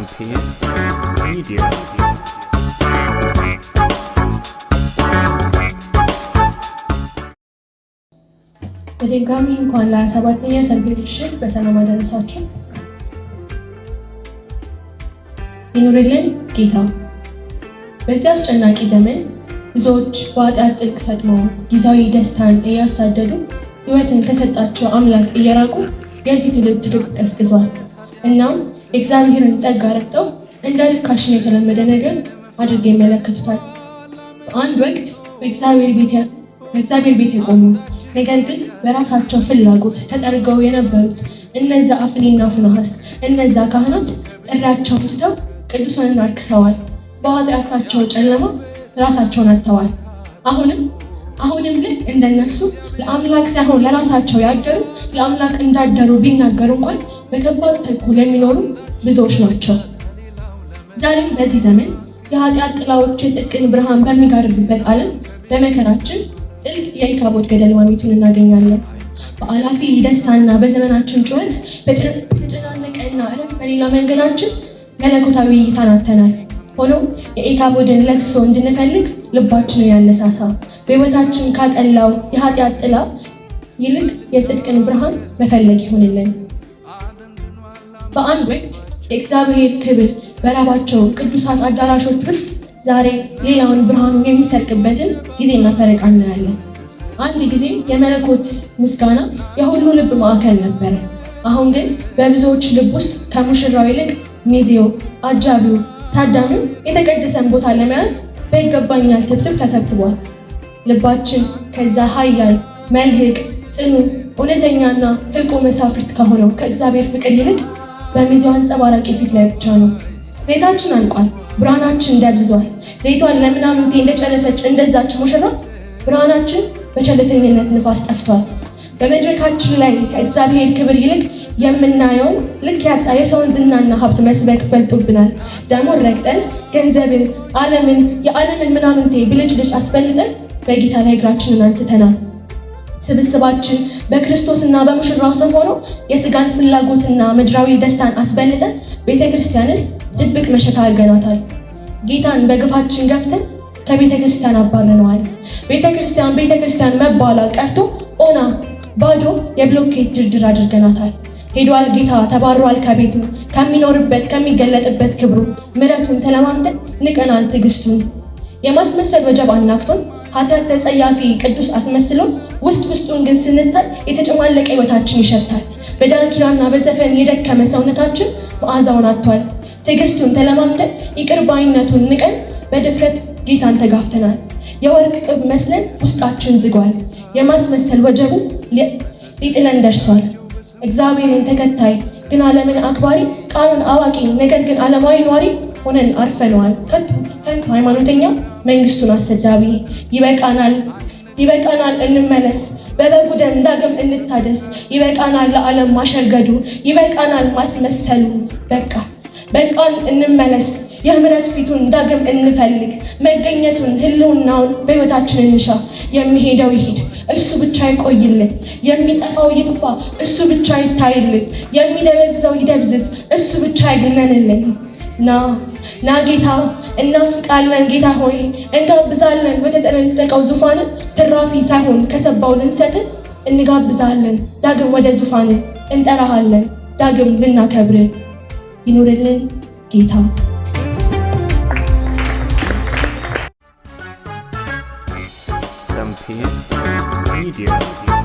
welcome Media. በድጋሚ እንኳን ለ27ኛ ሰንበት ምሽት በሰላም አደረሳችሁ። ይኑርልን ጌታ። በዚህ አስጨናቂ ዘመን ብዙዎች በኃጢአት ጥልቅ ሰጥመው ጊዜያዊ ደስታን እያሳደዱ ሕይወትን ከሰጣቸው አምላክ እየራቁ የዚህ ትውልድ ርቅ ቀዝቅዟል። እናም እግዚአብሔርን ጸጋ ረግጠው እንደ ርካሽን የተለመደ ነገር አድርገው ይመለከቱታል። በአንድ ወቅት በእግዚአብሔር ቤት የቆሙ ነገር ግን በራሳቸው ፍላጎት ተጠርገው የነበሩት እነዛ አፍኒና ፍንሐስ እነዛ ካህናት ጥሪያቸው ትተው ቅዱሳንን አርክሰዋል። በኃጢአታቸው ጨለማ ራሳቸውን አጥተዋል። አሁንም አሁንም ልክ እንደነሱ ለአምላክ ሳይሆን ለራሳቸው ያደሩ ለአምላክ እንዳደሩ ቢናገሩ እንኳን በከባድ ተንኮል የሚኖሩ ብዙዎች ናቸው። ዛሬም በዚህ ዘመን የኃጢአት ጥላዎች የጽድቅን ብርሃን በሚጋርዱበት ዓለም በመከራችን ጥልቅ የኢካቦድ ገደል ማሚቱን እናገኛለን። በአላፊ ደስታና በዘመናችን ጩኸት በተጨናነቀና ረፍ በሌላ መንገዳችን መለኮታዊ እይታን አጥተናል። ሆኖም የኢካቦድን ለቅሶ እንድንፈልግ ልባችን ያነሳሳ። በሕይወታችን ካጠላው የኃጢአት ጥላ ይልቅ የጽድቅን ብርሃን መፈለግ ይሆንልን። በአንድ ወቅት የእግዚአብሔር ክብር በራባቸው ቅዱሳት አዳራሾች ውስጥ ዛሬ ሌላውን ብርሃኑን የሚሰርቅበትን ጊዜና ፈረቃ እናያለን። አንድ ጊዜ የመለኮት ምስጋና የሁሉ ልብ ማዕከል ነበረ። አሁን ግን በብዙዎች ልብ ውስጥ ከሙሽራው ይልቅ ሚዜው፣ አጃቢው፣ ታዳሚው የተቀደሰን ቦታ ለመያዝ በይገባኛል ትብትብ ተተብትቧል። ልባችን ከዛ ኃያል መልህቅ ጽኑ እውነተኛና ህልቆ መሳፍርት ከሆነው ከእግዚአብሔር ፍቅር ይልቅ በሚዜው አንጸባራቂ ፊት ላይ ብቻ ነው። ዘይታችን አልቋል፣ ብርሃናችን ደብዝዟል። ዘይቷን ለምናምንቴ እንደጨረሰች እንደዛች ሙሽራት ብርሃናችን በቸልተኝነት ንፋስ ጠፍቷል። በመድረካችን ላይ ከእግዚአብሔር ክብር ይልቅ የምናየውን ልክ ያጣ የሰውን ዝናና ሀብት መስበክ በልጦብናል። ደሞን ረግጠን ገንዘብን፣ ዓለምን፣ የዓለምን ምናምንቴ ብልጭልጭ አስፈልጠን በጌታ ላይ እግራችንን አንስተናል። ስብስባችን በክርስቶስና በሙሽራው ስም ሆኖ የስጋን ፍላጎትና ምድራዊ ደስታን አስበልጠን ቤተ ክርስቲያንን ድብቅ መሸታ አድርገናታል። ጌታን በግፋችን ገፍተን ከቤተ ክርስቲያን አባርነዋል። ቤተ ክርስቲያን ቤተ ክርስቲያን መባሏ ቀርቶ ኦና ባዶ የብሎኬት ድርድር አድርገናታል። ሄዷል ጌታ ተባሯል ከቤቱ ከሚኖርበት ከሚገለጥበት ክብሩ ምረቱን ተለማምደን ንቀናል ትዕግስቱን የማስመሰል ወጀብ አናክቶን ኃጢአት ተጸያፊ ቅዱስ አስመስሎን ውስጥ ውስጡን ግን ስንታይ የተጨማለቀ ህይወታችን ይሸታል። በዳንኪራና በዘፈን የደከመ ሰውነታችን መዓዛውን አጥቷል። ትዕግስቱን ተለማምደን ይቅር ባይነቱን ንቀን በድፍረት ጌታን ተጋፍተናል። የወርቅ ቅብ መስለን ውስጣችን ዝጓል። የማስመሰል ወጀቡ ሊጥለን ደርሷል። እግዚአብሔርን ተከታይ ግን ዓለምን አክባሪ ቃሉን አዋቂ ነገር ግን ዓለማዊ ኗሪ ሆነን አርፈነዋል። ከንቱ ከንቱ ሃይማኖተኛ መንግስቱን አሰዳቢ። ይበቃናል፣ ይበቃናል፣ እንመለስ በበጉ ደም ዳግም እንታደስ። ይበቃናል ለዓለም ማሸርገዱ፣ ይበቃናል ማስመሰሉ። በቃ በቃን፣ እንመለስ የምህረት ፊቱን ዳግም እንፈልግ። መገኘቱን ህልውናውን በህይወታችን እንሻ። የሚሄደው ይሂድ እሱ ብቻ ይቆይልን። የሚጠፋው ይጥፋ እሱ ብቻ ይታይልን። የሚደበዝዘው ይደብዝዝ እሱ ብቻ ይግነንልን። ና ና ጌታ እናፍቃለን። ጌታ ሆይ እንጋብዛለን። በተጠነጠቀው ዙፋን ትራፊ ሳይሆን ከሰባው ልንሰጥ እንጋብዛለን። ዳግም ወደ ዙፋን እንጠራሃለን። ዳግም ልናከብር ይኖርልን ጌታ። ሚዲያ